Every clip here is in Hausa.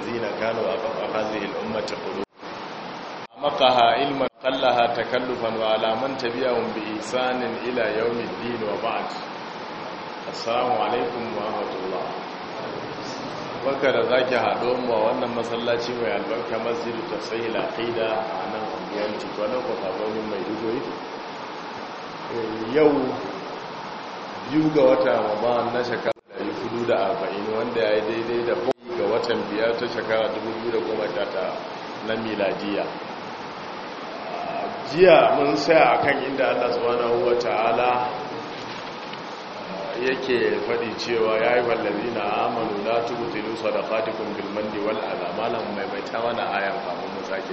الذين كانوا أفق هذه الأمة قلوب عمقها علما قلها تكلفا وعلى من تبعهم بإحسان إلى يوم الدين وبعد السلام عليكم ورحمة الله da zaki haɗo a wannan masallaci mai albarka masjidu ta sai laƙida a nan unguwar tikonan kwafafonin mai dugoyi yau biyu ga wata ramadan na shekara 440 wanda ya yi daidai da watan biyar ta shekara 2019 na miladiya jiya mun saya akan inda allah subhanahu wa ta'ala uh, yake faɗi cewa ya yi wallazi na amalu na da fatikun bilmandi wal'ala malam mai mai ta mana ayan kamun mu sake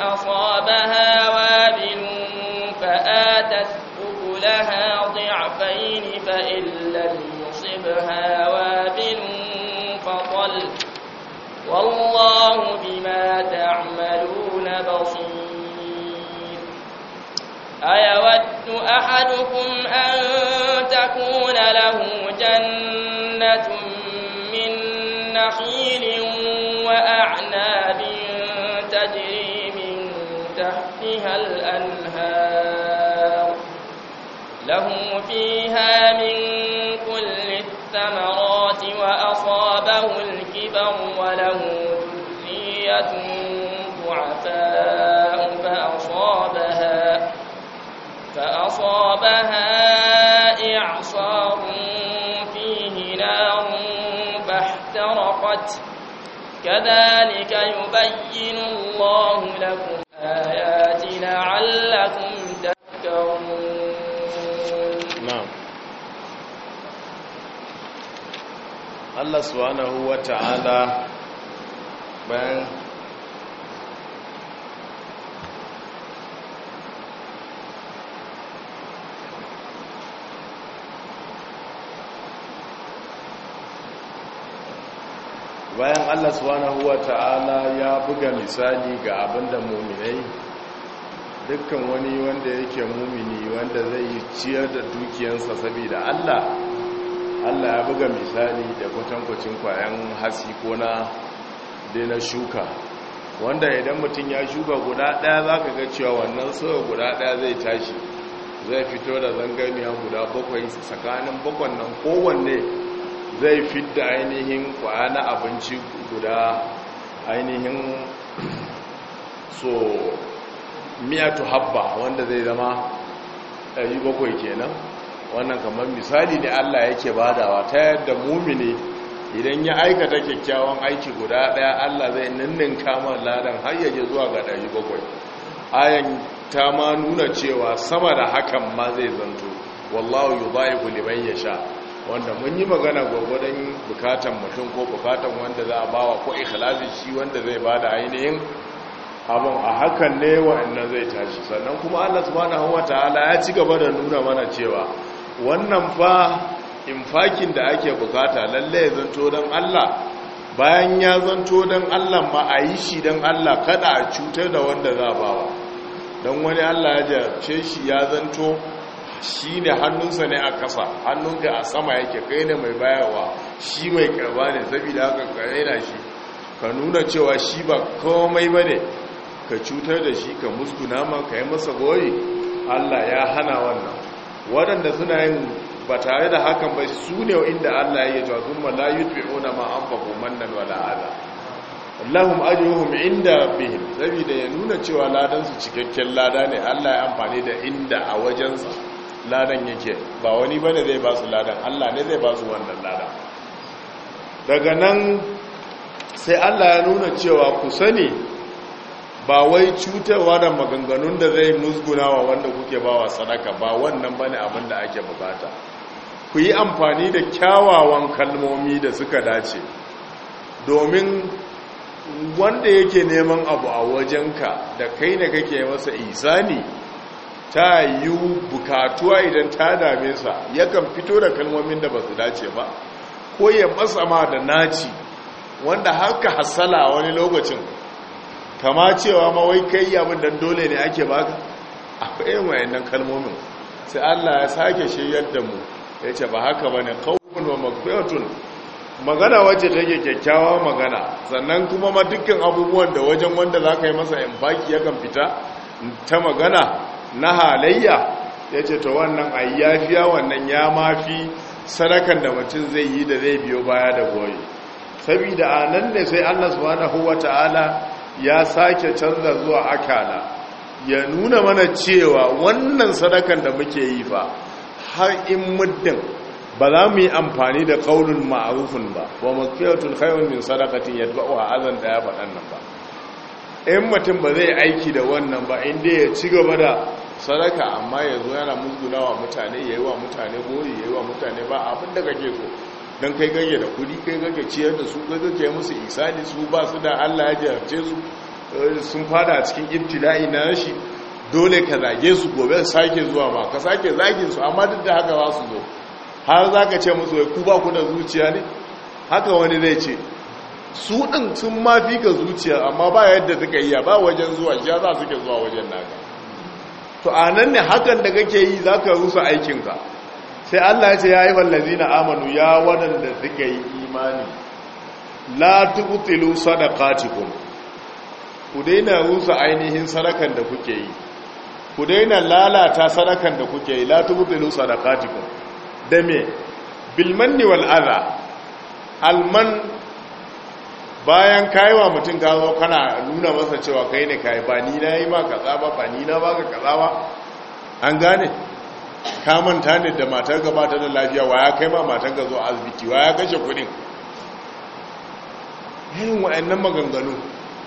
أصابها فيها الأنهار له فيها من كل الثمرات وأصابه الكبر وله ذرية ضعفاء فأصابها فأصابها إعصار فيه نار فاحترقت كذلك يبين الله لكم Allah subhanahu wa ta'ala bayan bayan Allah subhanahu wa ta'ala ya buga misali ga abinda muminai dukkan wani wanda yake mumini wanda zai ciyar da dukiyansa saboda Allah allah ya buga misali da kwatankwacin kwayan hasi ko na daina shuka wanda idan mutum ya shuka guda ɗaya za ka ga cewa wannan soya guda ɗaya zai tashi zai fito da zangamiya guda bakwai tsakanin bakwan nan kowanne zai da ainihin kwaya na abinci guda ainihin so miyatu habba wanda zai zama ɗari bakwai kenan wannan kamar misali ne Allah yake badawa ta yadda mumini idan ya aikata kyakkyawan aiki guda daya Allah zai ninnin kamar ladan har yaje zuwa ga bakwai. ayan ta ma nuna cewa sama da hakan ma zai zanto wallahu yudaihu liman yasha wanda mun yi magana gwagwadon bukatan mutum ko bukatan wanda za a bawa ko ikhlasi shi wanda zai bada ainihin abin a hakan ne wa'annan zai tashi sannan kuma Allah subhanahu wataala ya ci gaba da nuna mana cewa wannan fa infakin da ake bukata lalle ya zanto don Allah bayan ya zanto don Allah ma a yi shi don Allah kada a cutar da wanda za a bawa don wani Allah ya jace shi ya zanto shi ne hannunsa ne a kasa hannunka a sama yake kai ne mai bayarwa shi mai karba ne saboda haka kare na shi ka nuna cewa shi ba komai ba ne ka cutar da shi ka muskuna ma ka yi masa goyi Allah ya hana wannan waɗanda suna yin ba tare da hakan ba su ne inda Allah ya yi jawa kuma la ona ma anfaqu mannan wala adha lahum ajruhum inda rabbihim saboda ya nuna cewa ladansu cikakken lada ne Allah ya amfani da inda a wajensa ladan yake ba wani bane zai ba su ladan Allah ne zai ba su wannan ladan daga nan sai Allah ya nuna cewa ku sani ba wai cutarwa da maganganun da zai musgunawa wanda kuke bawa sadaka ba wannan bane abin da ake bukata ku yi amfani da kyawawan kalmomi da suka dace domin wanda yake neman abu a wajenka da kai ne kake masa isani ta yi bukatuwa idan ta dame sa yakan fito da kalmomin da ba su dace ba ko ya matsama da naci wanda haka hasala wani lokacin kama cewa ma wai kai abin da dole ne ake baka akwai wayannan kalmomin sai Allah ya sake shi yadda mu Ya ce ba haka ba ne qawlun wa makwaiwatun magana wacce take kyakkyawa magana sannan kuma ma dukkan abubuwan da wajen wanda zaka yi masa ya yakan fita ta magana na halayya Ya ce ta wannan ayyafiya wannan ya mafi sadakan da mutum zai yi da zai biyo baya da goyi saboda anan ne sai Allah subhanahu ta'ala. ya sake canza zuwa akala ya nuna mana cewa wannan sadakan da muke yi fa har in muddin ba za mu yi amfani da kaulun ma'arufin ba ba wa makiyatun khairun min sadaqatin a azan da ya faɗan nan ba in mutum ba zai aiki da wannan ba inda ya ci gaba da sadaka amma ya zo yana musgunawa mutane ya yi wa mutane gori ya yi wa mutane ba abin da kake so don kai gage da kudi kai gage ciyar da su kai gage musu isali su ba su da allah ya jarce su eh, sun fada cikin ibtila'i na rashi dole ka zage su gobe sake zuwa ma ka sake zagin su amma duk da haka ba su zo har za ka ce musu ku ba ku da zuciya ne haka wani zai ce su ɗin sun ma fi ka zuciya amma ba yadda suka iya ba wajen zuwa ya za su zuwa wajen naka to a nan ne hakan da kake yi za ka rusa aikinka sai Allah ya ce ya yi wallazi na amanu ya waɗanda suka yi imani la tubtilu ku daina rusa ainihin sadakan da kuke yi ku daina lalata sadakan da kuke yi la tubtilu sadaqatikum da me bil manni wal'ada. Alman, bayan kaiwa mutum gano kana nuna masa cewa kai ne kayi ba ni na yi ma kaza ba ba ni na ba ka kaza ba an gane ka manta ne da matar gaba ta da lafiya wa ya kai ma matar ga zo asibiti wa ya kashe kudin yin wa'annan maganganu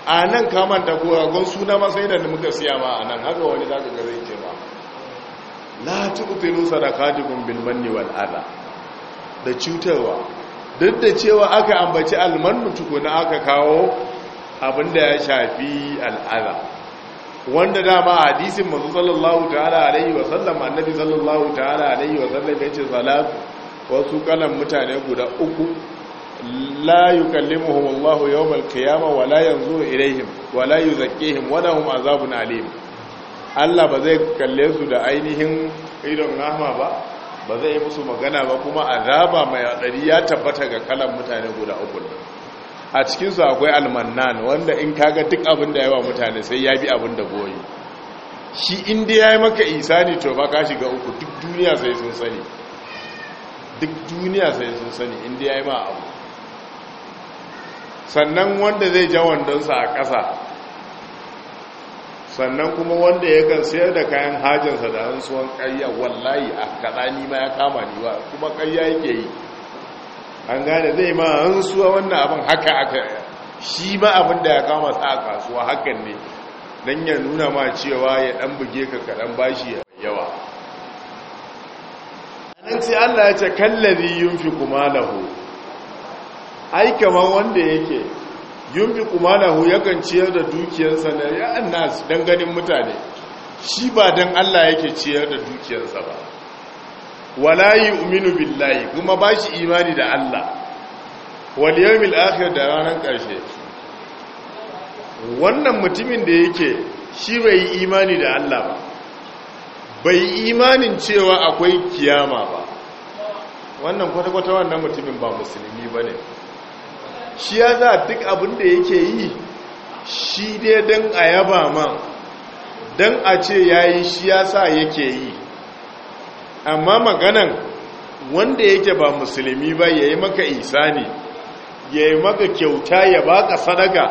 a nan ka manta ko ragon suna masai sai da muka siya ma a nan haka wani zaka ga zai ce ba la tuqtilu sadaqatikum bil manni wa al'ada. da cutarwa duk da cewa aka ambaci almanu tukuna aka kawo abinda ya shafi al'ada wanda dama a hadisin manzo sallallahu ta'ala alaihi wa sallam annabi sallallahu ta'ala alaihi wa sallam yace salatu wasu kalan mutane guda uku la yukallimuhum Allahu yawmal qiyamah wa la yanzuru ilaihim wa la yuzakkihim wa lahum azabun alim Allah ba zai kalle su da ainihin idon rahma ba ba zai musu magana ba kuma azaba mai hadari ya tabbata ga kalan mutane guda uku a cikinsu akwai almannan wanda in kaga duk abin da yawa mutane sai ya bi abin da goyi shi inda ya yi maka Isa ne, to ba ka shiga uku duk duniya sai sun sani duk duniya sai sun sani inda ya yi ma abu sannan wanda zai ja wandonsa a ƙasa sannan kuma wanda ya kan sayar da kayan hajjansa da hansuwan ƙayya wallahi a kaɗani ma ya kama ni ba kuma ƙayya yake yi an gane zai ma an suwa wannan abin haka aka shi ma abin da ya kama sa a kasuwa hakan ne don ya nuna ma cewa ya dan buge ka kaɗan bashi yawa nan sai Allah ya ce kallabi yunfi kuma lahu ai kamar wanda yake yunfi kuma na hu yakan ciyar da dukiyarsa na ya'an nasu don ganin mutane shi ba don Allah yake ciyar da dukiyarsa ba wala yu'minu billahi kuma ba shi imani da Allah wal yawmil akhir da ranar karshe wannan mutumin da yake shi bai imani da Allah ba bai imanin cewa akwai kiyama ba wannan kwata-kwata wannan mutumin ba musulmi ba ne shi ya za duk abin da yake yi shi dai don a yaba man don a ce ya yi shi ya sa yake yi amma maganan wanda yake ba musulmi ba yayi maka Isa isani yayi maka kyauta ya baka sadaka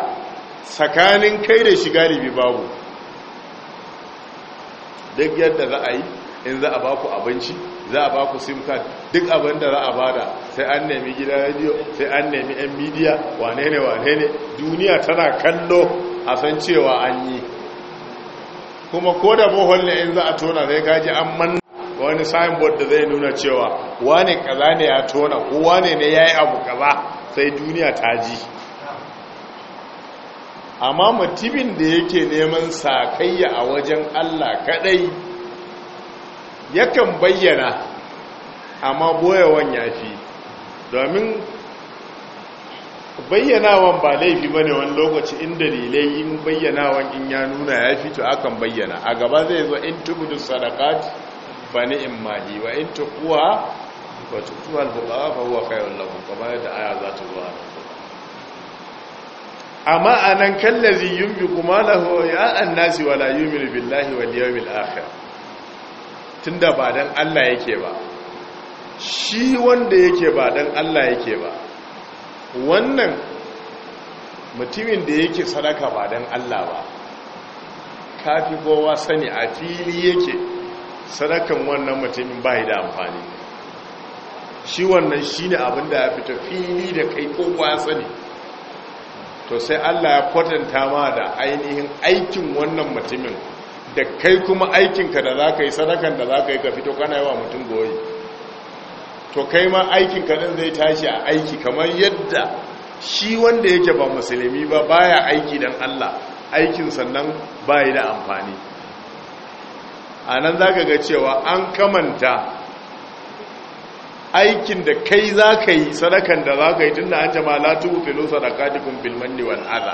tsakanin kai da shi galibi babu duk yadda za a yi in za a baku abinci za a baku sim card duk abin da za a bada sai an nemi gida radio sai an nemi yan midiya wane ne wane ne duniya tana kallo a san cewa an yi kuma ko da bohol in za a tona zai gaji an manna wani signboard da zai nuna cewa wane kaza ne ya tona ko wane ne ya yi abu kaza sai duniya ta ji amma mutumin da yake neman sakayya a wajen allah kadai yakan bayyana amma boyawan ya fi domin bayyanawan ba laifi bane wani lokaci in dalilai in bayyanawan in ya nuna ya fito akan bayyana a gaba zai zo in tubudu sadaqat Bani in ma wa in ta wa tuqwa al-fuqara fa huwa khayrun lakum kamar yadda aya za ta zo amma anan kallazi kuma malahu ya annasi wa la yu'minu billahi wal yawmil akhir tunda ba dan Allah yake ba shi wanda yake ba dan Allah yake ba wannan mutumin da yake sadaka ba dan Allah ba kafi kowa sani a fili yake sadakan wannan mutumin bai da amfani shi wannan shi ne abinda ya fita fili da kai ko kwatsa ne to sai allah ya kwatanta ma da ainihin aikin wannan mutumin da kai kuma aikinka da za ka yi sadakan da za ka yi ka fito kana yawa mutum goyi to kai ma aikinka din zai tashi a aiki kamar yadda shi wanda yake ba musulmi ba baya aiki don allah aikin sannan bayi da amfani a nan za ka ga cewa an kamanta aikin da kai za ka yi sadakan da za ka yi tun da an jama ufilo sadaka sadakatikun bilmanni wal aza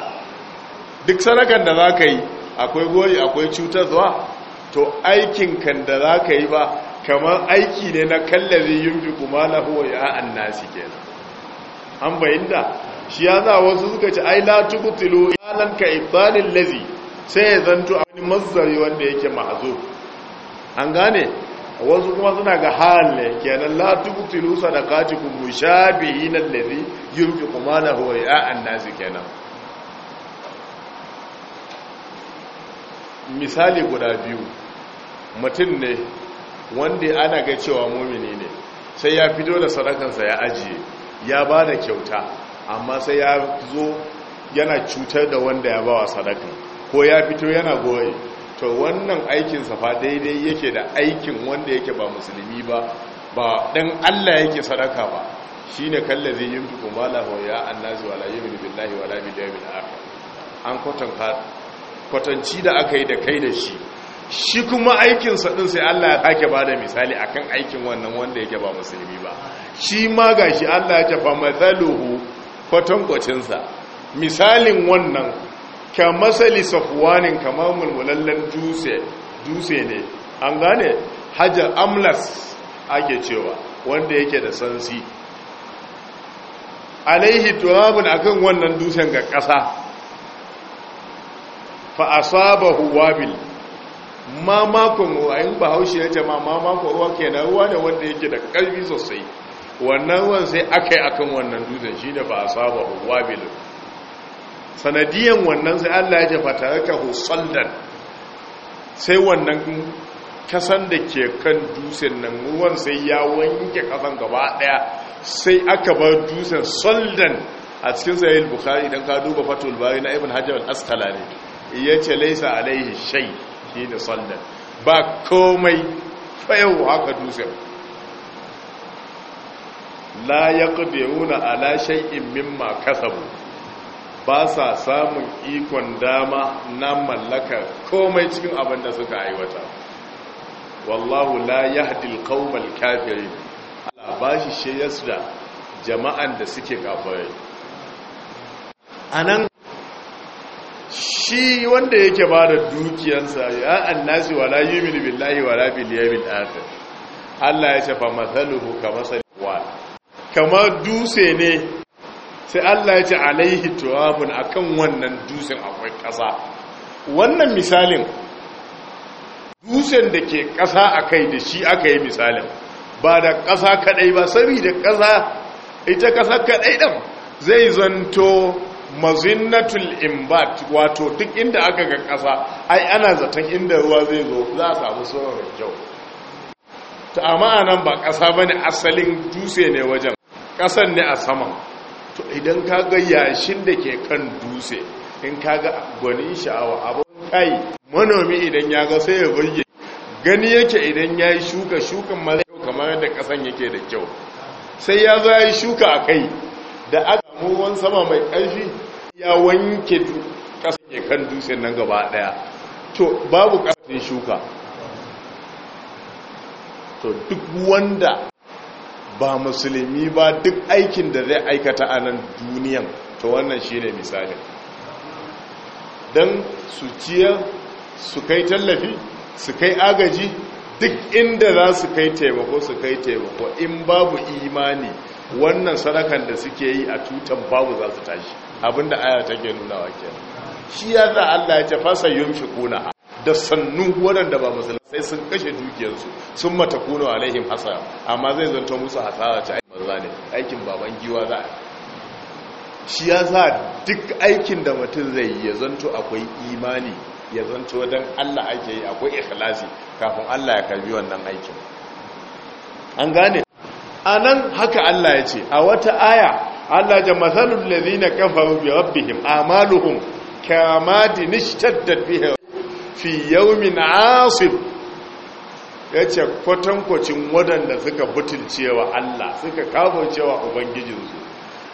duk sadakan da za ka yi akwai gori akwai cutar zuwa, to aikin kan da za ka yi ba kamar aiki ne na kallari yin kuma lahuwa ya an nasi ke an da shi ya za wasu suka ci ai latu filo iyalanka ibbalin lazi sai ya zanto a wani mazari wanda yake ma'azo an gane wasu kuma suna ga halin kenan la tubtilu sadaqatikum mushabihin alladhi yunfiqu malahu ya an nazi kenan misali guda biyu mutum ne wanda ana ga cewa mumini ne sai ya fito da sadakansa ya ajiye ya ba da kyauta amma sai ya zo yana cutar da wanda ya ba wa sadaka ko ya fito yana goye to wannan aikinsa fa daidai yake da aikin wanda yake ba musulmi ba ba dan Allah yake sadaka ba shine kallazi yunfiqu malahu ya annazi wala yu'minu billahi wala bil yawmil akhir an kwatanta kwatanci da aka yi da kai da shi shi kuma aikinsa ɗin sai Allah ya kake ba da misali akan aikin wannan wanda yake ba musulmi ba shi ma gashi Allah ya tafa matsaluhu kwatankwacinsa misalin wannan ka masali kamar mulmulallen dutse ne an gane hajar amlas ake cewa wanda yake da sansi alaihi turabun akan wannan dutsen ga ƙasa fa asabahu huwabil ma makon ruwayin bahaushe ya ce ma makon ruwa ke na ruwa ne wanda yake da ƙarfi sosai wannan ruwan sai aka yi akan wannan dutsen shi ne fa asabahu wabil sanadiyan wannan sai Allah ya jafa tare ka husaldan sai wannan kasan da ke kan dusen nan ruwan sai ya wanke kasan gaba daya sai aka bar dusen soldan a cikin sahih bukhari dan ka duba fatul bari na ibn hajar al-asqalani yace laysa alaihi shay da soldan ba komai fayau haka dusen la yaqdiruna ala shay'in mimma kasabu ba sa samun ikon dama na mallakar komai cikin abin da suka aiwata wallahu la yahdi alqawmal kafirin Allah bashi shayas da jama'an da suke kafirai anan shi wanda yake bada dukiyarsa ya annasi wala yu'minu billahi wala bil yawmil akhir Allah ya ce fa mathaluhu kamathali kama dutse ne sai Allah ya ce alaihi tuwabun akan wannan dusin akwai ƙasa wannan misalin dusin da ke ƙasa akai da shi aka yi misalin ba da ƙasa kaɗai ba da ƙasa ita ƙasa kaɗai ɗan zai zanto mazinnatul imbat wato duk inda aka ga ƙasa ai ana zaton inda ruwa zai zo za a samu sauran kyau ta amma ba ƙasa bane asalin dutse ne wajen ƙasan ne a saman to idan ka ga yashin da ke kan dutse in ka ga gwanin sha'awa abin kai manomi idan ya ga sai ya burge gani yake idan ya yi shuka shukan mara yau kamar yadda kasan yake da kyau sai ya zo yi shuka a kai da aka muwan sama mai ƙarfi ya wanke kasan ya kan dutse nan gaba ɗaya to babu kasan shuka to duk wanda ba musulmi ba duk aikin da zai aikata a nan duniyan to wannan shi ne misalin don su ciyar su kai tallafi su kai agaji duk inda za su kai taimako su kai taimako in babu imani wannan sadakan da suke yi a tutan babu za su tashi abinda aya take nuna wa ke. shi ya za Allah ya ce fasa shi kuna da sannu waɗanda ba musulmi sai sun kashe dukiyarsu sun mata kuno laihin hasara amma zai zanto musu hasara ta aikin banza ne aikin baban giwa za a shi ya za duk aikin da mutum zai yi ya zanto akwai imani ya zanto don allah ake yi akwai ikhlasi kafin allah ya karbi wannan aikin an gane a nan haka allah ya ce a wata aya allah ja masalul lalina kafa rubi rabbihim amaluhum kama dinishtar da biyar. fi yaumin asif ya ce kwatankwacin waɗanda suka butulcewa Allah suka kafancewa ubangijinsu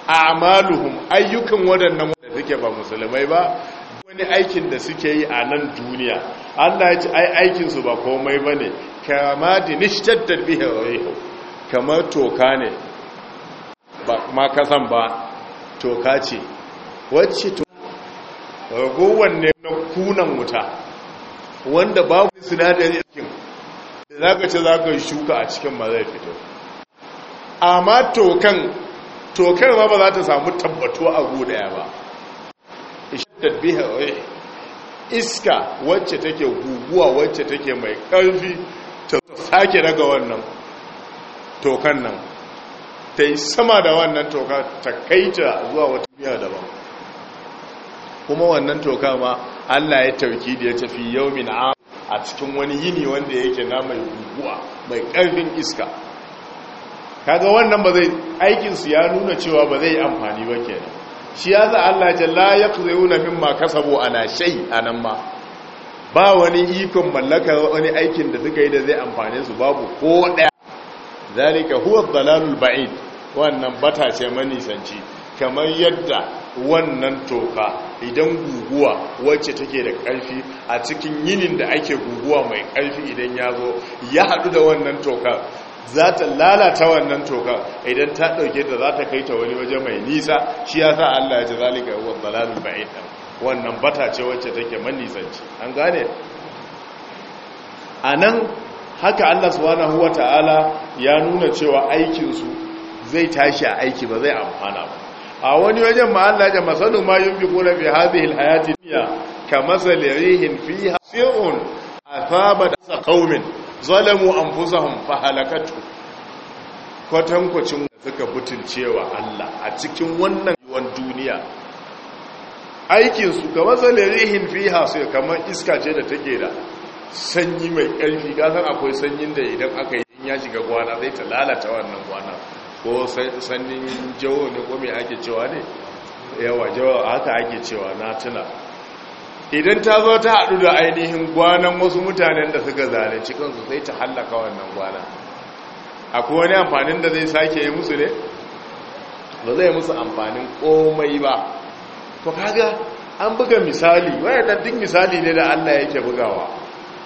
a amaluhun ayyukan waɗannan waɗanda suke ba musulmai ba wani aikin da suke yi a nan duniya Allah ya ce ai aikinsu ba komai ba ne kama da nishtattar bihar kamar toka ne ba ma kasan ba toka ce wacce to ragowar ne na kunan wuta wanda babu sinadari a cikin za ka ce za ka shuka a cikin ma zai fito amma tokan tokan ma ba za ta samu tabbato a gudaya ba eh, iska wacce take guguwa wacce take mai ƙarfi ta sake daga wannan tokan nan ta yi sama da wannan toka ta kaita zuwa wata biya daban kuma wannan toka ma Allah ya tauki da ya tafi yaumin a a cikin wani yini wanda yake na mai guguwa mai karfin iska kaga wannan ba zai aikinsu ya nuna cewa ba zai amfani ba kenan shi ya za Allah jalla ya kuzayu na mimma kasabo ana shai a nan ma ba wani ikon mallaka wani aikin da suka yi da zai amfane su babu ko ɗaya zalika huwa dalalul ba'id wannan bata ce manisanci kamar yadda wannan toka idan guguwa wacce take da ƙarfi a cikin yinin da ake guguwa mai ƙarfi idan ya zo ya haɗu da wannan toka za ta lalata wannan toka idan ta ɗauke da za ta kai ta wani waje mai nisa shi ya sa Allah ya ji zalika wa dalalul ba'id wannan bata ce wacce take manisanci an gane A nan, haka Allah subhanahu Ta'ala ya nuna cewa aikinsu zai tashi a aiki ba zai amfana ba a wani wajen ma Allah ya masanu ma yunfiquna fi hadhihi alhayati dunya kamasali rihin fiha sirrun afabat qaumin zalamu anfusahum fahalakatu kwatankwacin suka butulcewa Allah a cikin wannan yawan duniya aikin su kamasali rihin fiha sai kamar iska ce da take da sanyi mai ƙarfi gasar akwai sanyin da idan aka yi ya shiga gwana zai ta lalata wannan gwana ko sannin jawo ne ko mai ake cewa ne yawa jawo haka ake cewa na tuna idan ta zo ta haɗu da ainihin gwanan wasu mutanen da suka zane kansu sai ta hallaka wannan gwana akwai wani amfanin da zai sake yi musu ne ba zai musu amfanin komai ba to kaga an buga misali wayannan duk misali ne da Allah yake bugawa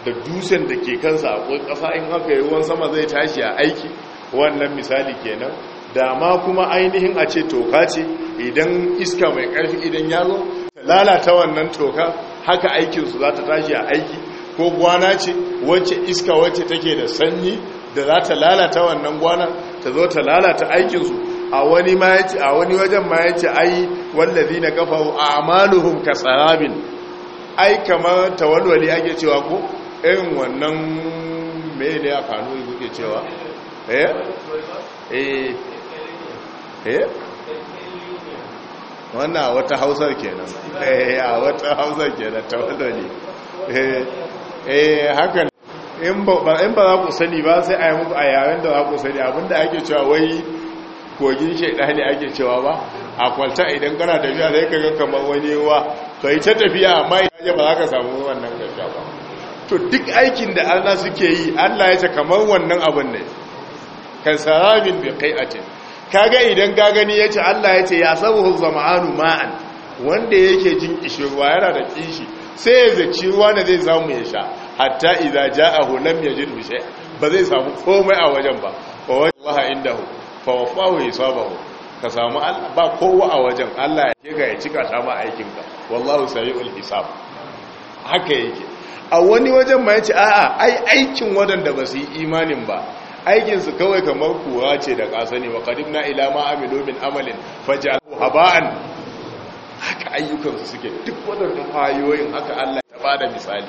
da dusen da ke kansa akwai ƙasa in haka yi ruwan sama zai tashi a aiki wannan misali kenan dama kuma ainihin a ce toka ce idan iska mai karfi idan ya zo lalata wannan toka haka aikinsu za ta tashi a aiki ko gwana ce wacce iska wacce take da sanyi da za ta lalata wannan gwana ta zo ta lalata aikinsu a wani wajen ma ya ce ai wallazi na kafa a amaluhun kasarabin ai kamar tawalwali ake cewa ko irin wannan mai ne a kanu yake cewa Eh? eh eh wannan wata hausar kenan eh a wata hausar kenan ta wanda ne eh eh haka in ba za ku sani ba sai a yi muku a yaren da za ku sani abinda ake cewa wai kogin shaidani ake cewa ba a kwalta idan kana tafiya zai kaga kamar wani wa to yi ta tafiya amma ya ba za ka samu wannan gaskiya ba to duk aikin da allah suke yi allah ya ce kamar wannan abin ne kan bi qai'atin kaga idan ka gani yace Allah yace ya sabuhu zama'anu ma'an wanda yake jin kishirwa yana da kishi sai ya zaci ruwa zai samu ya sha hatta idza ja'ahu lam yajid bi shay ba zai samu komai a wajen ba fa wallahi indahu fa wafa'u isabahu ka samu Allah. ba kowa a wajen Allah ya ga ya cika ta aikin ka wallahu sayyul hisab haka yake a wani wajen ma yace a'a ai aikin wadanda ba su yi imanin ba aikinsu kawai kamar kura ce da ƙasa ne wa na ilama amilu min amalin A ba'an haka ayyukansu suke duk waɗannan hayoyin haka Allah ya bada misali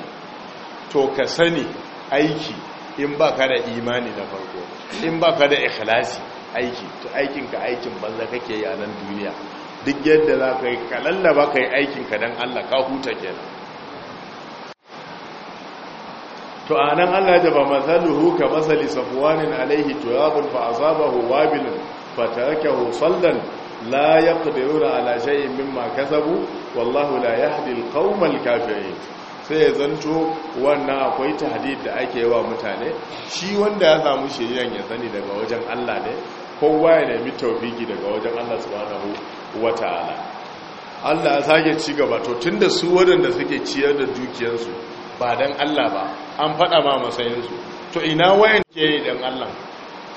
to ka sani aiki in ba ka da imani na farko in ba ka da ikhlasi aiki to aikinka aikin banza kake yi a nan duniya duk yadda za ka yi ka lallaba ka yi aikinka don Allah ka huta kenan to a nan Allah ya ba masaluhu ka masali safwanin alaihi turabun fa asabahu wabilun fatarakahu saldan la yaqdiruna ala shay'in mimma kasabu wallahu la yahdi alqaumal kafirin sai ya zanto wannan akwai tahdid da ake wa mutane shi wanda ya samu shiriyan ya sani daga wajen Allah ne kowa ya nemi tawfiki daga wajen Allah subhanahu wataala Allah ya sake ci gaba to tunda su wadanda suke ciyar da dukiyarsu ba dan Allah ba an faɗa ma matsayinsu to ina wayan ke dan don Allah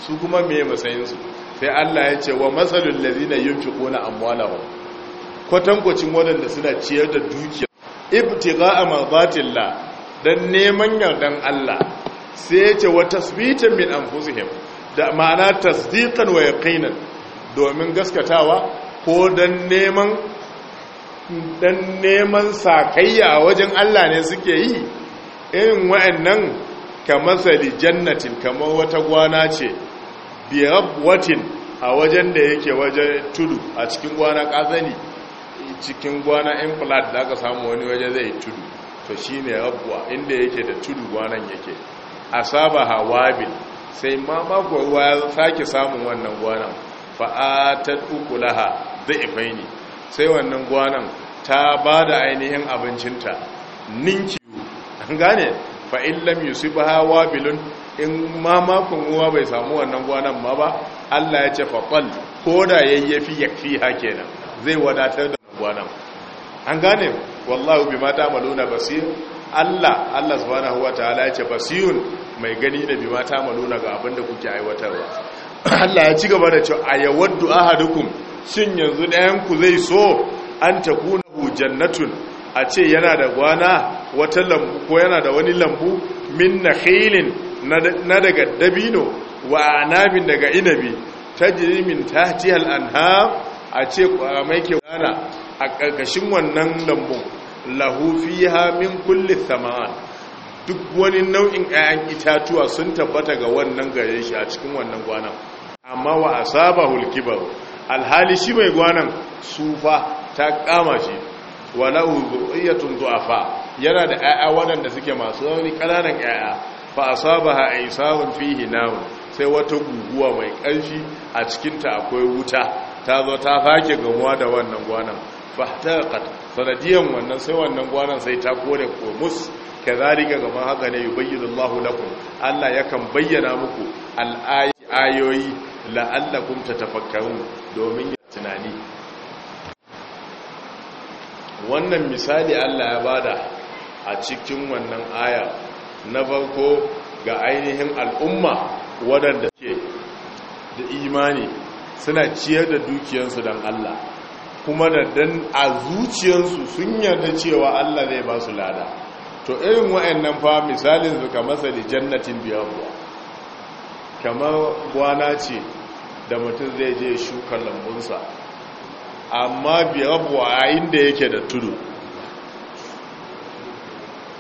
su kuma me matsayinsu sai Allah ya ce wa matsalin lalina yin na ƙona amwalahun kwatankwacin waɗanda suna ciyar da dukiya ibtiga a mabatilla don neman yardan Allah sai ya ce wa tasbitin min anfusihim da ma'ana tasdiqan wa yaqinan domin gaskatawa ko don neman dan neman sakayya a wajen Allah ne suke yi irin wa'annan kamar sali jannatin kamar wata gwana ce biyar a wajen da yake wajen tudu a cikin gwana kazani cikin gwana implant da aka samu wani waje zai tudu to shi ne rabuwa inda yake da tudu gwanan yake a saba hawabil sai ma makon ruwa ya sake samun wannan gwanan fa'atar ukulaha laha zai ifai ne sai wannan gwanan ta ba da ainihin abincinta ninki an gane fa'in lam hawa wabilun in ma makon ruwa bai samu wannan gwanan ma ba Allah ya ce faƙal ko da yayyafi ya fi hake nan zai wadatar da gwanan an gane wallahu bi mata maluna basir Allah Allah subhanahu wa ta'ala ya ce basirun mai gani da bi mata maluna ga abin da kuke aiwatarwa Allah ya ci gaba da cewa ayawaddu ahadukum shin yanzu ɗayanku zai so an ta kuna jannatun a ce yana da gwana wata lambu ko yana da wani lambu min na khilin na daga dabino wa anabin daga inabi ta jirimin ta tiyal anha. a ce kwamai ke gwana a ƙarƙashin wannan lambu lahufi ha min kulle sama'a. duk wani nau'in 'ya'yan itatuwa sun tabbata ga wannan gare shi a cikin wannan gwanan amma wa asaba hulkibar alhali shi mai gwanan sufa ta kama shi wala uzuriyatun du'afa yana da ƴaƴa waɗanda suke masu rauni ƙananan ƴaƴa fa asabaha aisaun fihi nawun sai wata guguwa mai ƙarfi a cikin ta akwai wuta ta zo ta fake gamuwa da wannan gwanan fahtaqat sanadiyan wannan sai wannan gwanan sai ta kore komus kazalika gaban haka ne yubayyidullahu lakum Allah yakan bayyana muku al-ayoyi ta tafakkarun domin ya tunani wannan misali Allah ya bada a cikin wannan aya na farko ga ainihin al'umma waɗanda ke da imani suna ciyar da dukiyansu don Allah kuma da dan a zuciyarsu sun yarda cewa Allah zai ba su lada to irin wa'annan fa misalin su kamar sa da jannatin biyarwa kamar gwana ce da mutum zai je shuka lambunsa amma biyarwa a da yake da tudu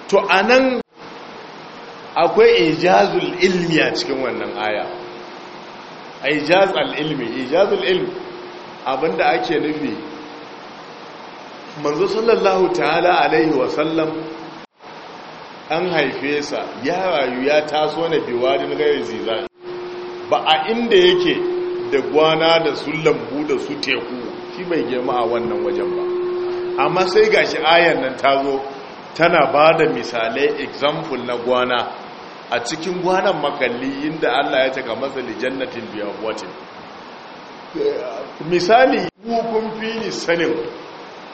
to a nan akwai ijazul ilmi a cikin wannan aya ijaz al-ilmi ijazul ilmi abinda ake nufi manzo sallallahu ta'ala alaihi sallam. an haife sa ya rayu ya taso na biwarin gairi zizai ba a inda yake da gwana da su lambu da su teku shi bai girma a wannan wajen ba amma sai ga shi ayan nan ta zo tana ba da misalai example na gwana a cikin gwanan makalli inda Allah ya taka masa jannatin biya watin misali kun fi sanin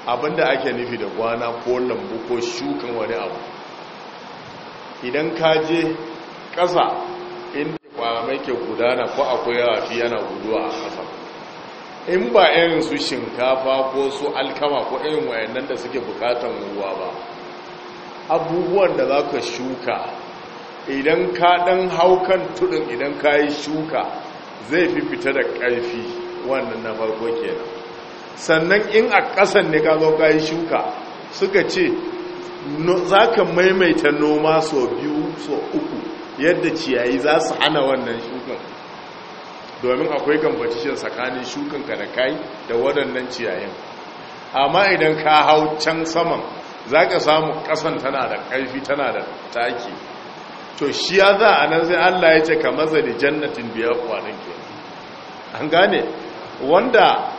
abinda ake nufi da gwana ko lambu ko shukan wani abu idan ka je ƙasa inda malamai ke gudana ko akwai yawa fi yana guduwa a ƙasa in ba irin su shinkafa ko su alkama ko irin wayannan da suke bukatan ruwa ba abubuwan da za ka shuka idan ka ɗan haukan tudun idan ka yi shuka zai fi fita da ƙarfi wannan na farko kenan sannan in a ƙasan ne ka zo ka yi shuka suka ce za ka maimaita noma so biyu so uku yadda ciyayi za su hana wannan shukan domin akwai competition tsakanin shukanka da kai da waɗannan ciyayin amma idan ka hau can saman za ka samu ƙasan tana da ƙarfi tana da taki to shi ya za a nan sai allah ya ce ka maza da jannatin biyar kwanan ke an gane wanda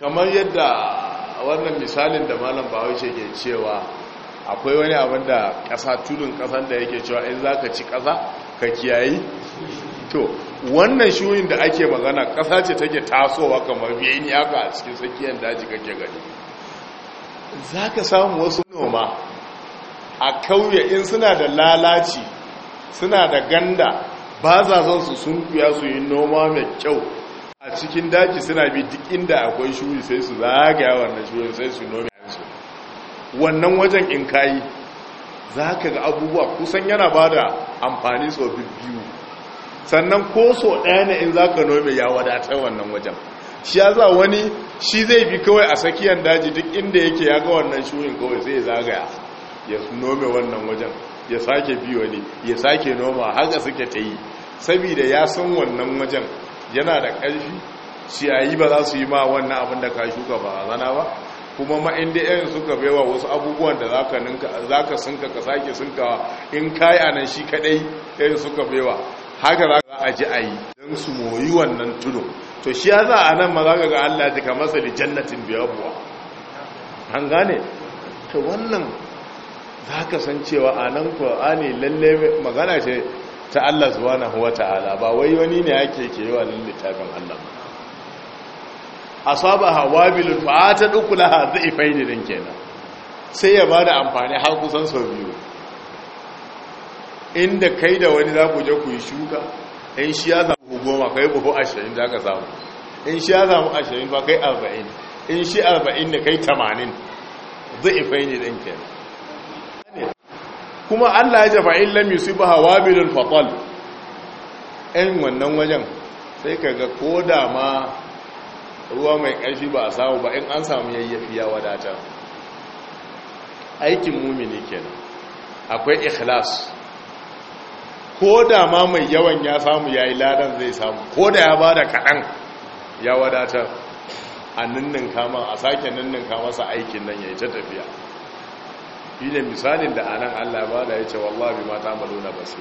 kamar yadda wannan misalin da malam bahaushe ke cewa akwai wani abin da ƙasa tudun ƙasan da yake cewa in za ka ci ƙasa ka kiyayi to wannan shuyin da ake magana ƙasa ce take tasowa kamar biyayi haka a cikin tsakiyar daji kake gani za ka samu wasu noma a kauye in suna da lalaci suna da ganda ba za zan su sun kuya su yi noma mai kyau a cikin daji suna bi duk inda akwai shuyi sai su zagaya wannan shuyin sai su nome wannan wajen in kayi za ka ga abubuwa kusan yana ba da amfani tsofin biyu sannan ko so ɗaya ne in za ka nome ya wadatar wannan wajen shi ya za wani shi zai bi kawai a tsakiyar daji duk inda yake ya ga wannan shuhin kawai sai zagaya ya nome wannan wajen ya sake bi wani ya sake noma haka suke ta yi saboda ya san wannan wajen yana da ƙarfi ciyayi ba za su yi ma wannan abin da ka shuka ba zana ba kuma ma inda suka baiwa wasu abubuwan da zaka ninka zaka sunka ka sake sunkawa in kai anan shi kadai irin suka baiwa haka za a ji a yi don su moyi wannan tudu to shi ya za anan ma za ga Allah ya ka masa da jannatin buwa. an gane To wannan za san cewa anan nan lalle magana ce ta Allah zuwa wataala ba wai wani ne ake ke yi wa littafin Allah ba asaba wabilun fa ta dukulaha faidi din kenan sai ya bada amfani har kusan sau biyu inda kai da wani za ku je ku yi shuka in shi ya samu goma kai buhu ashirin za ka samu in shi ya samu ashirin ba kai arba'in in shi arba'in da kai tamanin fai ne ɗin kenan kuma allah ya jafa in lam ba hawa bilin fatal ɗan wannan wajen sai ka ga ko da ma ruwa mai ƙarfi ba a samu ba in an samu yayyafi ya wadata. aikin mumini kenan akwai ikhlas ko da ma mai yawan ya samu ya yi ladan zai samu ko da ya ba da kaɗan ya wadata a ninnin kama a sake ninnin kama sa aikin nan ya yi ta tafiya shi ne misalin da anan allah ba da ya ce wallahi mata maluna su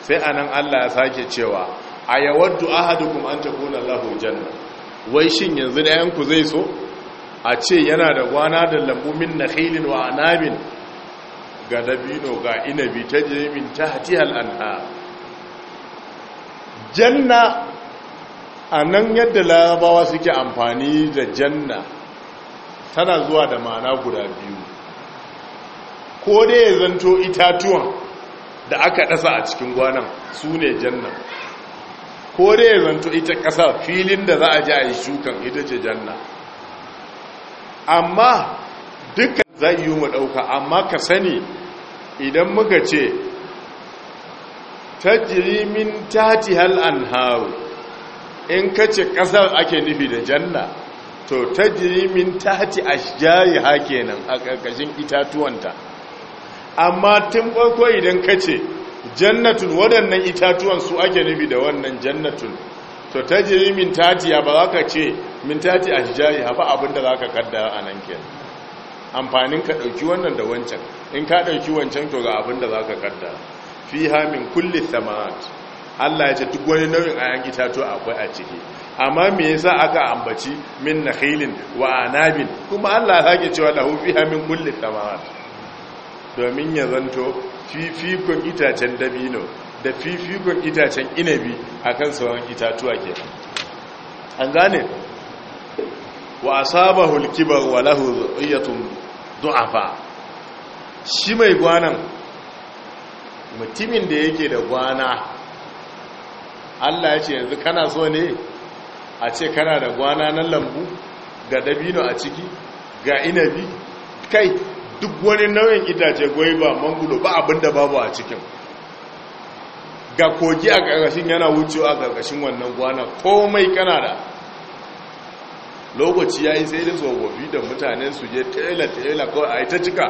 sai anan allah ya sake cewa a du'a hadukun an na lahu janna wai shin yanzu da yanku zai so a ce yana da gwana da lambumin na hailin wa anabin ga dabino ga inabi ta jemin ta hati al'anha janna a nan yadda larabawa suke amfani da janna tana zuwa da mana guda biyu ko dai ya zanto itatuwan da aka ɗasa a cikin gwanan su ne jannan ko dai zanto ita ƙasar filin da za a ji a yi shukan ita ce janna amma duka zai yi mu ɗauka amma ka sani idan muka ce tajirimin tati an haru in ka ce ƙasar ake nufi da janna to tajirimin tati ashjari hakenan a ƙarƙashin itatuwanta amma tun farko idan ka ce jannatun waɗannan itatuwan su ake nufi da wannan jannatun to ta jiri min ya ba za ka ce min tati a hijari haɓa abinda za ka kaddara a nan ke amfanin ka ɗauki wannan da wancan in ka ɗauki wancan to ga abinda za ka kaddara fi hamin kulle samarat allah ya ce duk wani nau'in a 'yan itatuwa akwai a ciki amma me yasa aka ambaci min nakhilin wa anabin kuma allah ya sake cewa lahu fi hamin kulle samarat domin ya zanto fifikon itacen dabino da fifikon itacen inabi a kan sauran itatuwa ke an gane wa asabahu al Walahu wa du'afa shi mai gwanan mutumin da yake da gwana Allah ya ce yanzu kana so ne a ce kana da gwana na lambu ga dabino a ciki ga inabi kai duk wani nauyin itace goyi ba mangulo ba abinda babu a cikin ga kogi a ƙarƙashin yana wucewa a ƙarƙashin wannan gwana komai kanada lokaci ya yi sai da tsofaffi da mutane su je tela-tela ko a yi ta cika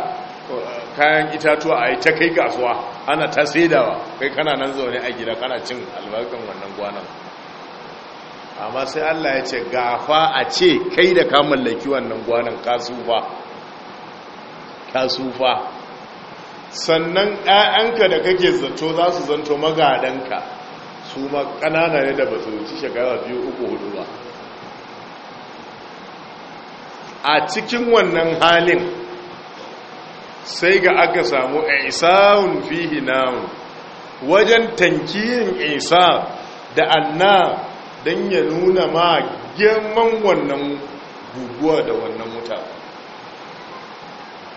kayan itatuwa a yi ta kai kasuwa ana ta saidawa kai kana nan zaune a gida kana cin albarkan wannan gwanan amma sai allah ya ce gafa a ce kai da ka mallaki wannan gwanan kasu ba ka sufa sannan ɗayanka da kake zato za su zanto magadanka su ma ƙanana ne da ba su wuce shekara biyu uku hudu ba a cikin wannan halin sai ga aka samu isa'un fihi na'un wajen tankiyin isa da anna don ya nuna ma girman wannan guguwa da wannan mutane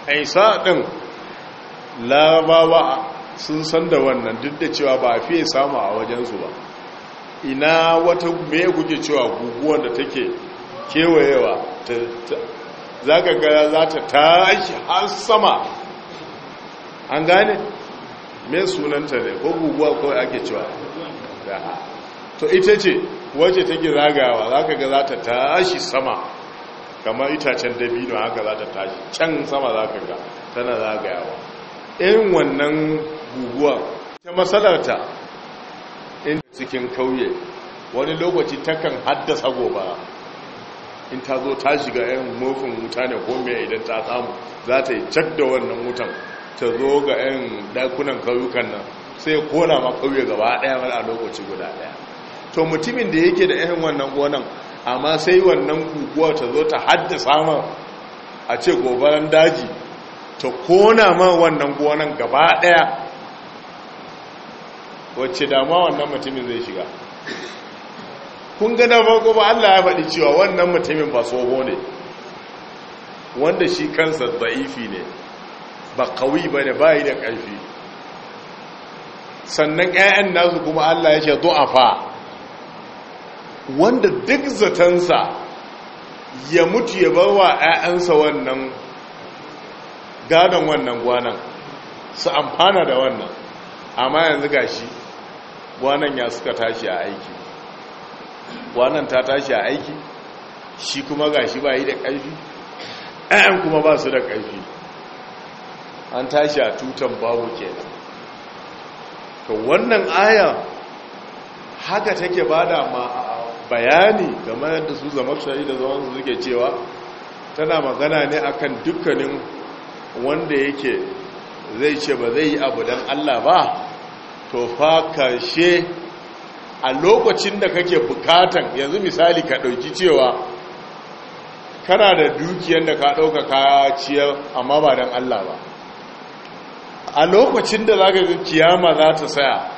aisa ɗin larabawa sun san da wannan duk da cewa ba a fiye samu a wajensu ba ina wata mai kuke cewa guguwar da take kewayewa za ka gara za ta tashi har sama an gane mai sunanta ne ko guguwa kawai ake cewa to ita ce wacce take zagawa za ka gara za ta tashi sama kamar itacen dabino haka za ta tashi can sama za ka ga tana zagayawa irin wannan guguwa ta matsalarta in cikin kauye wani lokaci takan haddasa gobara in ta zo ta shiga yan mufin wuta ne ko mai idan ta samu za ta yi cak da wannan wutan ta zo ga yan dakunan kauyukan nan sai kona ma kauye gaba daya mara a lokaci guda daya to mutumin da yake da yan wannan gonan amma sai wannan guguwa ta zo ta haddasa ma a ce gobaran daji ta kona ma wannan gonan gaba daya wacce dama wannan mutumin zai shiga kun gada farko ba Allah ya faɗi cewa wannan mutumin ba tsoho ne wanda shi kansa da'ifi ne ba kawi ba ne ba da ƙarfi sannan 'ya'yan nasu kuma Allah ya ce fa wanda duk zatansa ya mutu ya bar wa 'ya'yansa wannan gadon wannan gwanan su amfana da wannan amma yanzu gashi gwanan ya suka tashi a aiki gwanan ta tashi a aiki shi kuma gashi ba yi da ƙarfi 'ya'yan kuma ba su da ƙarfi an tashi a tutan babu kenan to wannan aya haka take bada ma bayani kamar da su zama shayi da zaman su suke cewa tana magana ne akan dukkanin wanda yake zai ce ba zai yi abu don Allah ba to fa karshe a lokacin da kake bukatan yanzu misali ka ɗauki cewa kana da dukiyar da ka ɗauka ciyar, amma ba don Allah ba a lokacin da za ka kiyama za ta saya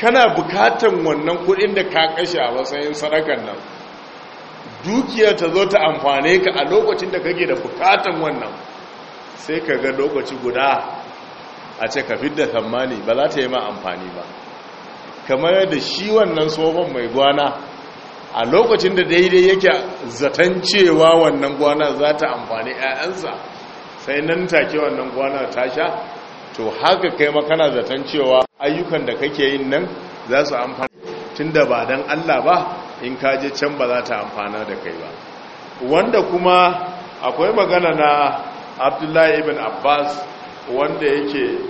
kana bukatan wannan kudin da ka kashe a matsayin sadakan nan dukiyar ta zo ta amfane ka a lokacin da kake da bukatan wannan sai ka ga lokaci guda a ce ka fidda tsammani ba za ta yi ma amfani ba kamar yadda shi wannan tsohon mai gwana a lokacin da daidai yake zaton cewa wannan gwana za ta amfani 'ya'yansa sai nan take wannan gwana ta sha to haka kai makana zaton cewa ayyukan da kake yin nan za su amfana tunda ba don Allah ba in ka can ba za ta amfana da kai ba wanda kuma akwai magana na Abdullahi ibn Abbas wanda yake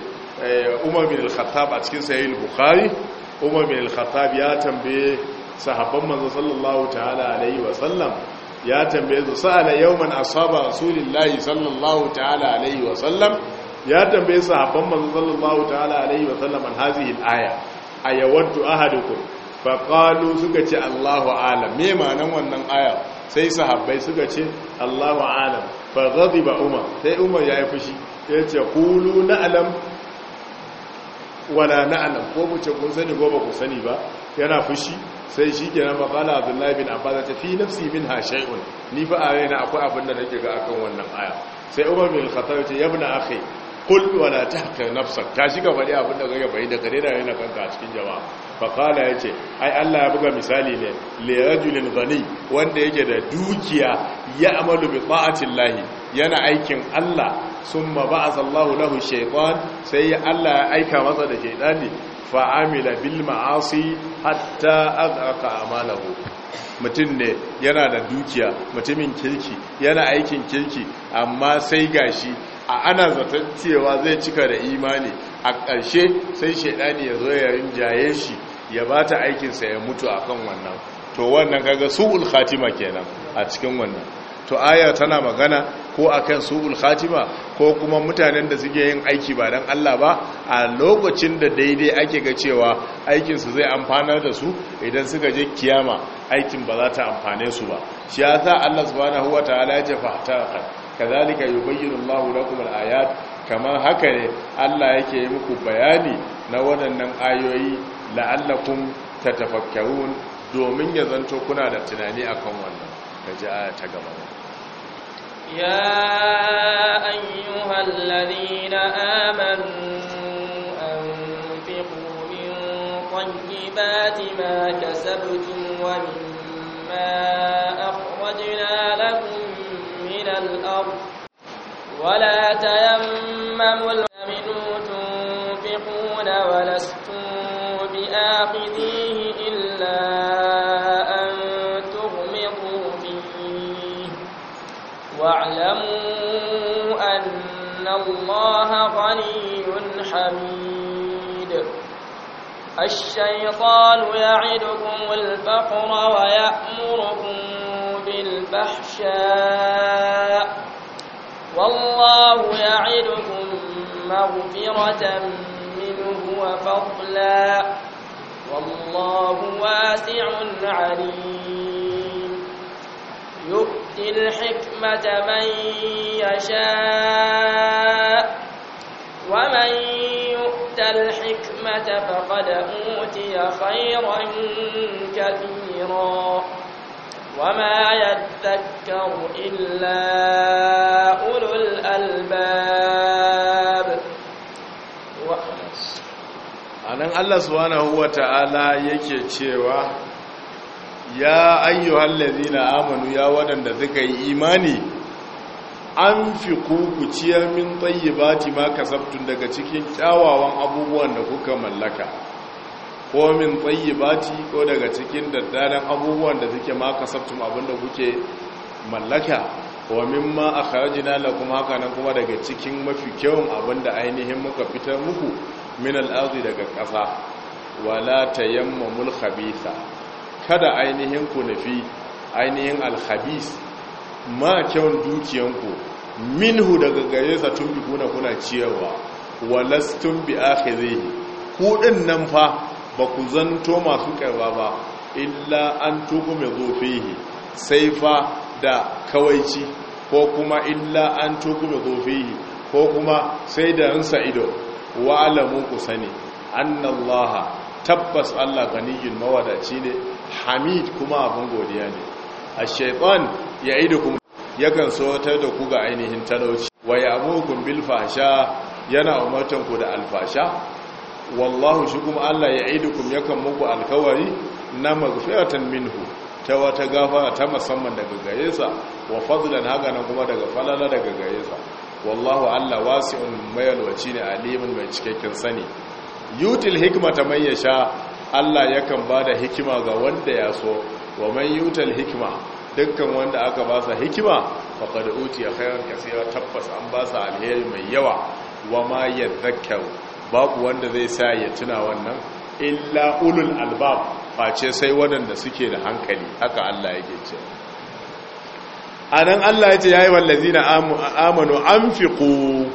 eh, Umar bin al-Khattab a cikin sahih al-Bukhari Umar bin al-Khattab ya tambaye sahabban manzo sallallahu ta'ala alaihi wa sallam ya tambaye su sa'ala yawman asaba rasulillahi sallallahu ta'ala alaihi wa ya tambaye sahabban manzo sallallahu ta'ala alaihi wa sallam an al-aya ayawaddu ahadukum fa qalu suka ce Allahu alam me ma'anan wannan aya sai sahabbai suka ce Allahu alam fa ghadiba umar sai umar ya yi fushi yace qulu na'lam wala na'lam ko mu ce kun sani ko ba ku sani ba yana fushi sai shi ke nan maƙala abdullahi bin abbas ta fi nafsi min ha shay'un ni fa a raina akwai abin da nake ga akan wannan aya sai umar bin khattab ya ce yabna akhi kullu wala tahta nafsak ta shiga faɗi abin da kake bai da kare da yana kanka a cikin jama'a fa qala yace ai Allah ya buga misali ne li rajulin ghani wanda yake da dukiya ya amalu bi ta'ati llahi yana aikin Allah summa ba'atha Allahu lahu shaytan sai Allah ya aika masa da shaytani fa amila bil ma'asi hatta azqa amalahu mutum ne yana da dukiya mutumin kirki yana aikin kirki amma sai gashi a ana zaton cewa zai cika da imani a ƙarshe sai shaidani ya zo ya rinjaye shi ya ba ta aikinsa ya mutu a kan wannan to wannan kaga su'ul khatima kenan a cikin wannan to aya tana magana ko a kan su'ul khatima ko kuma mutanen da suke yin aiki ba dan Allah ba a lokacin da daidai ake ga cewa aikinsu zai amfana da su idan suka je kiyama aikin ba za ta amfane su ba shi yasa Allah subhanahu wataala ya jafa ta kazalika yubayyinu Allahu lakum al-ayat kamar haka ne Allah yake yi muku bayani na waɗannan ayoyi la'allakum tatafakkarun domin ya zanto kuna da tunani akan wannan kaji aya ta gaba ya ayyuhal ladina amanu anfiqu min tayyibati ma kasabtum الأرض ولا تيمموا الغمن تنفقون ولستم بآخذيه إلا أن تغمضوا فيه واعلموا أن الله غني حميد الشيطان يعدكم الفقر ويأمركم الفحشاء والله يعدكم مغفرة منه وفضلا والله واسع عليم يؤتي الحكمة من يشاء ومن يؤت الحكمة فقد أوتي خيرا كثيرا وما يذكر إلا أولو الألباب anan Allah subhanahu wata'ala yake cewa ya ayyuhal ladina amanu ya waɗanda suka yi imani anfiqu ciyar min tayyibati ma kasabtun daga cikin kyawawan abubuwan da kuka mallaka ko min tsayyibati ko daga cikin daddadan abubuwan da suke ma kasabtum abinda kuke mallaka ma a mimma akhrajna kuma haka nan kuma daga cikin mafi kyawun abinda ainihin muka fitar muku min al'adu daga ƙasa wala mul khabisa kada ainihin ku nufi ainihin alhabis, ma kyawun dukiyanku minhu daga gare sa bi kuna kuna ciyarwa walastun bi akhizihi kudin nan fa ba ku zanto masu karba ba illa an tuku mai zofihi sai fa da kawaici ko kuma illa an tuku mai zofihi ko kuma sai da rinsa ido wa alamu ku sani annallaha tabbas Allah ganiyin mawadaci ne hamid kuma abin godiya ne a shaifan ya yi da kuma yakan sautar da ku ga ainihin talauci wa ya abokun bilfasha yana umartanku da alfasha wallahu shi kuma Allah ya ya yakan muku alkawari na magfiratan minhu ta wata gafa ta musamman daga gare sa wa fadlan haka nan kuma daga falala daga gare sa wallahu Allah wasi'un mayalwaci ne alimin mai cikakken sani yutil hikmata man yasha Allah yakan bada hikima ga wanda ya so wa man yutal hikma dukkan wanda aka ba sa hikima faqad utiya khayran kaseera tabbas an ba sa alheri mai yawa wa ma yadhakkaru babu wanda zai sa ya tuna wannan illa ulul albab face sai waɗanda suke da hankali haka Allah yake ce a nan Allah ya ce ya yi wallazi na amanu an fi ku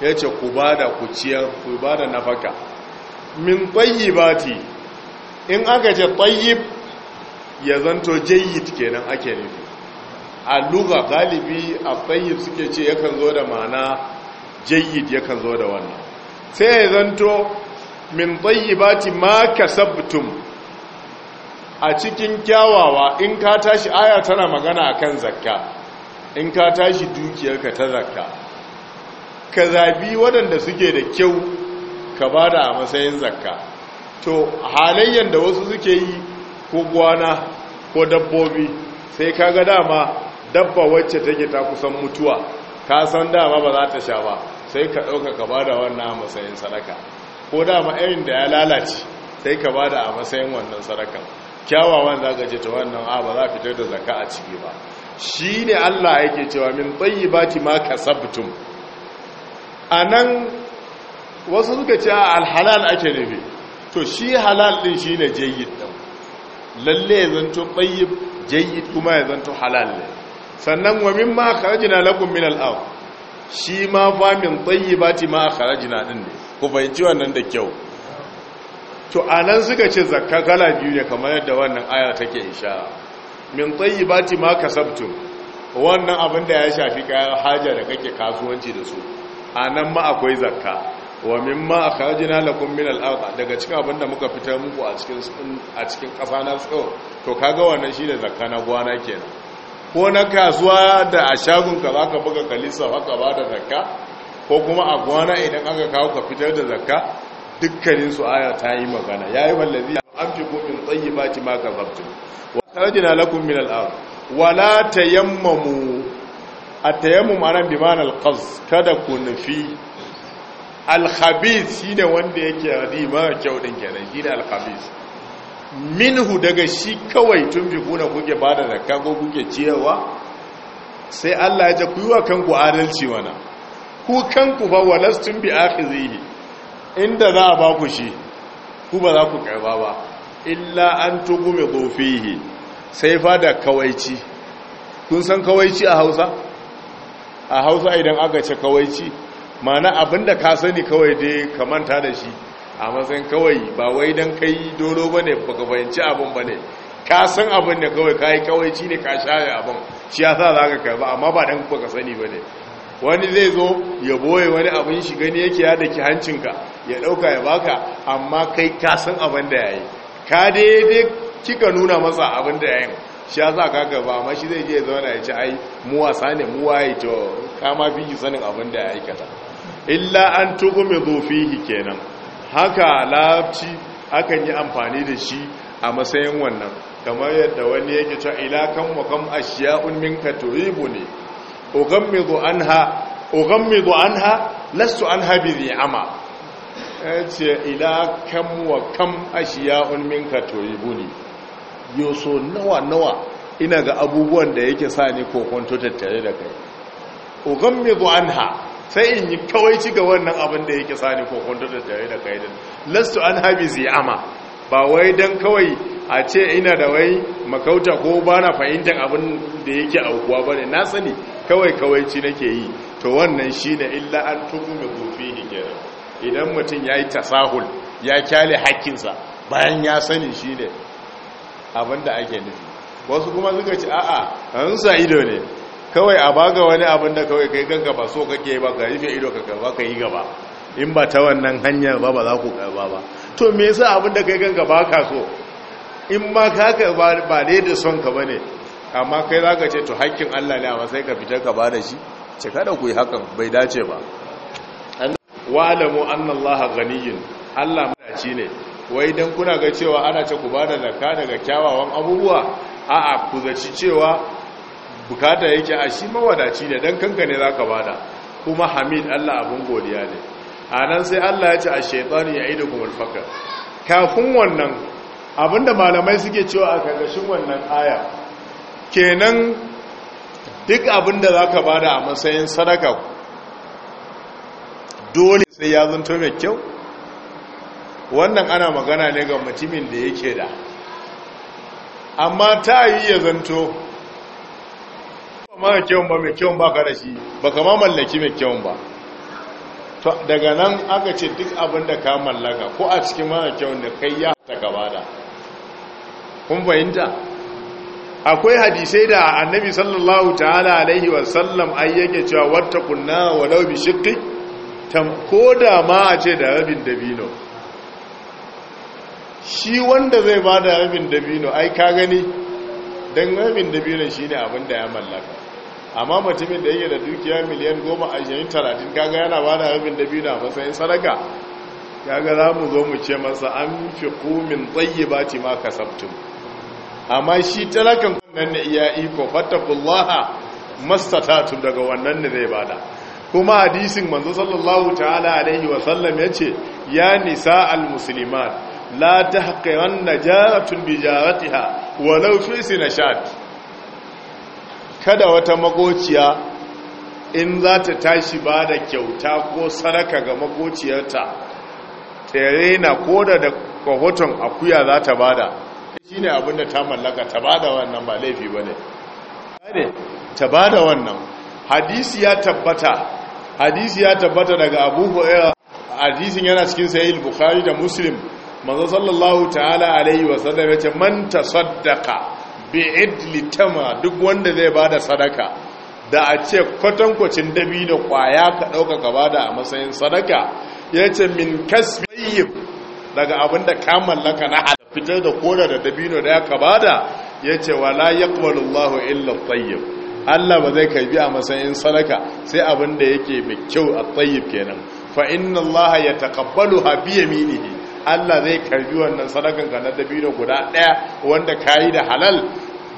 ya ku ba da ku ciyar ku ba da nafaka min ƙwayi in aka ce ƙwayi ya zanto jayyid kenan ake nufi a luga galibi a ƙwayi suke ce yakan zo da mana jayyid yakan zo da wannan sai ya zanto min tsayyibati ma sabtum a cikin kyawawa in ka tashi aya tana magana a kan zakka in ka tashi dukiyarka ta zakka ka zabi waɗanda suke da kyau ka ba da a matsayin zakka to halayyar da wasu suke yi ko gwana ko dabbobi sai ka ga dama dabba wacce take ta kusan mutuwa ka san dama ba za ta sha ba sai ka ɗauka ka bada wannan a matsayin sadaka ko dama irin da ya lalace sai ka bada a matsayin wannan sadakan kyawawan za ka ce ta wannan a ba za fitar da zaka a ciki ba shi ne allah yake cewa min tsayi baki ma ka sabtum a nan wasu suka ce a alhalal ake nufi to shi halal ɗin shi ne jayyid ɗin lalle ya zanto tsayi jayyid kuma ya zanto halal ne sannan wa min ma ka rajina lagun min al'aw shi ma famin ti ma akhrajna ɗin ne ku fahimci wannan da kyau to anan suka ce zakka kala biyu ne kamar yadda wannan aya take isha min tsayi ti ma kasabtum wannan abin da ya shafi kayan haja da kake kasuwanci da su anan ma akwai zakka wa min ma a akhrajna lakum min al daga cikin abin da muka fitar muku a cikin a cikin kasa na tsoro to kaga wannan shine zakka na gwana kenan ko na kasuwa da a shagunka za ka buga kalisa haka ba da zakka ko kuma a gwana idan aka kawo ka fitar da zakka dukkanin su aya ta yi magana ya yi wallazi an fi kofin tsayi ba ci maka zabtun wajen alakun min al'ar wala tayammamu a tayammum anan bi mana alqaz kada ku nufi shi shine wanda yake radi mara kyau din kenan shine alkhabis. minhu daga shi kawai tun fi kuna kuke ba da zakka ko kuke ciyarwa sai Allah ya ce ku wa kanku adalci wana ku kanku ba walastun bi zihi inda za a ba ku shi ku ba za ku karba ba illa an tugume gofihi sai fa da kawaici kun san kawaici a Hausa a Hausa idan aka ce kawaici mana abinda ka sani kawai dai ka manta da shi a matsayin kawai ba wai don kai dolo ba ne ba ka fahimci abin ba ne ka san abin da kawai ka yi kawai ci ne ka share abin shi ya sa za ka karba amma ba don baka sani ba ne wani zai zo ya boye wani abin shi gani yake ya daki hancinka ya ɗauka ya baka amma kai ka san abin da ya yi ka daidai kika nuna masa abin da ya yi shi ya sa ka gaba amma shi zai je ya zauna ya ci ai mu wasa ne mu waye to ka fi sanin abin da ya aikata illa an tuku mai kenan haka lafci akan yi amfani da shi a matsayin wannan kamar yadda wani yake cewa ilakan wa kam ashiya'un minka turibu ne ugammidu anha ugammidu anha lastu anha bi ni'ama Ila ilakan wa kam ashiya'un minka turibu ne yoso nawa nawa ina ga abubuwan da yake sa ni kokonto tattare da kai ugammidu anha sai in yi kawai ci ga wannan abin da yake sani ko kwantar da jari da kaidin lastu an habi ama. ba wai don kawai a ce ina da wai makauta ko ba na fahimtar abin da yake aukuwa ba ne na sani kawai kawai ci nake yi to wannan shi ne illa an tuku mai gofi ne kenan idan mutum ya yi tasahul ya kyale hakkinsa bayan ya sani shi ne abin da ake nufi wasu kuma suka ci a'a an sa ido ne kawai a baga wani abin da kawai kai ganka ba so kake ba ka rufe ido ka karba ka yi gaba in ba ta wannan hanyar ba ba za ku karba ba to me yasa abin da kai ganka ba ka so in ma ka karba ba ne da son ka bane amma kai za ka ce to haƙƙin Allah ne amma sai ka fita ka ba da shi ce kada ku yi hakan bai dace ba wa alamu annallaha ganiyin Allah madaci ne wai dan kuna ga cewa ana ce ku bada da zakka daga kyawawan abubuwa a'a ku zaci cewa bukata yake a shi mawadaci ne dan kanka ne zaka bada kuma hamid Allah abun godiya ne anan sai Allah ya ce a shaytani ya aidu kuma faqr kafin wannan abinda malamai suke cewa a karkashin wannan aya kenan duk abinda zaka bada a matsayin sadaka dole sai ya zanto mai kyau wannan ana magana ne ga mutumin da yake da amma ta yi ya zanto mara kyawun ba mai kyawun ba ka da shi ba ka mallaki mai kyawun ba daga nan aka ce duk abin da ka mallaka ko a cikin mara kyawun da kai ya ta gaba da kun fahimta akwai hadisai da annabi sallallahu ta'ala alaihi wasallam ai yake cewa wata kunna lau bi shiqqi ko da ma a ce da rabin dabino shi wanda zai ba da rabin dabino ai ka gani don rabin dabino shine abin da ya mallaka amma mutumin da yake da dukiya miliyan goma a shirin talatin kaga yana ba da rabin biyu a matsayin sadaka kaga za mu zo mu ce masa an fi kumin tsaye ba ti ma kasabtun amma shi talakan kunan na iya iko fattakullaha tun daga wannan ne zai bada kuma hadisin manzo sallallahu ta'ala alaihi wa sallam ya ce ya nisa musulman la tahqiranna jaratun bijaratiha walau fi sinashati kada wata makociya in za ta tashi ba da kyauta ko sadaka ga makociyarta tsere na koda da kwahoton akuya za ta bada shi ne abinda ta mallaka ta ba da wannan ba laifi ba ne ta ba da wannan hadisi ya tabbata hadisi ya tabbata daga abu hu'ira hadisin yana cikin sayil bukhari da muslim manzo sallallahu ta'ala alaihi wasallam ya ce man tasaddaqa bi'id tama duk wanda zai bada sadaka da a ce kwatankwacin dabino kwaya ka dauka ka bada a matsayin sadaka yace min kasbiyib daga abinda ka mallaka na halal fitar da koda da dabino da ka bada yace wala yaqbalu Allahu illa tayyib Allah ba zai karbi a matsayin sadaka sai abinda yake mai kyau a tayyib kenan fa inna Allah yataqabbaluha bi yaminihi Allah zai karbi wannan sadakan ka na dabino guda ɗaya. wanda kayi da halal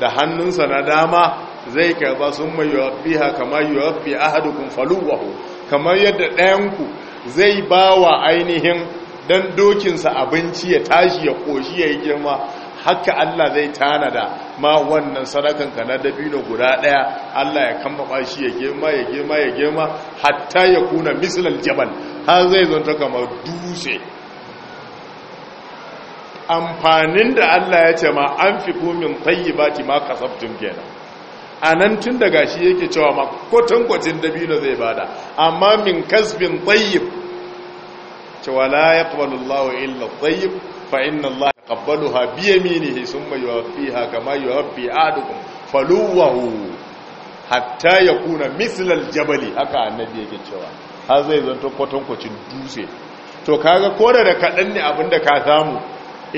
da hannunsa na dama zai karba sun mai yuwaffiha kamar yuwaffi ahadukum faluwahu kamar yadda ɗayanku zai bawa ainihin dan dokinsa abinci ya tashi ya koshi ya girma haka Allah zai tanada ma wannan sadakan ka na dabino guda ɗaya. Allah ya kammaba shi ya girma ya girma ya girma hatta ya kuna mislal jabal har zai zonta kamar dutse amfanin da Allah ya ce ma an fi kumin ti ma kasabtun kenan a nan tun daga shi yake cewa ma kwatankwacin dabino zai bada amma min kasbin tayyib cewa la ya wa illa tayyib fa inna Allah ya ƙabbalu ha biya minihi sun mai fi ha kama fi adukun faluwahu hatta ya kuna mislal jabali haka annabi yake cewa har zai zanto kwatankwacin dutse to kaga koda da kaɗan ne abinda ka samu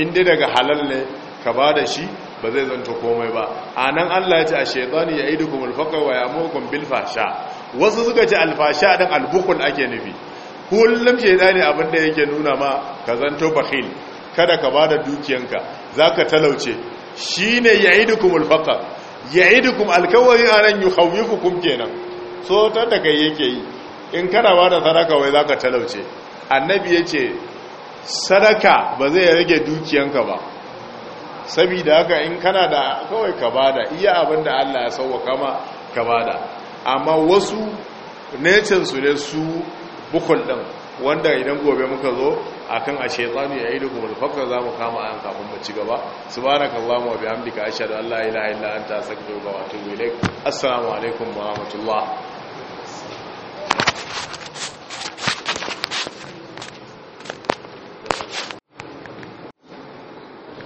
inda daga halal ne ka ba da shi ba zai zanto komai ba a nan allah ya ce a shaitani ya yi kuma alfakar wa ya mokon bilfasha wasu suka ce alfasha don albukun ake nufi kullum shaitani abin da yake nuna ma ka zanto bakil kada ka ba da dukiyanka za ka talauce shi ne ya yi kuma alfakar ya yi kuma alkawari a nan yi hauyi hukum kenan so ta da kai yake yi in kana ba da sadaka wai za ka talauce annabi ya ce sadaka ba zai rage dukiyanka ba saboda haka in kana da kawai ka bada iya abin da Allah ya sauwaka ma ka bada amma wasu su ne su bukul ɗin wanda idan gobe muka zo akan a shaitanu ya yi da kuma alfakar za mu kama a kafin mu ci gaba su ba na kalla mu bi hamdika ashadu allah ila illa an ta saka yau ga assalamu alaikum wa rahmatullah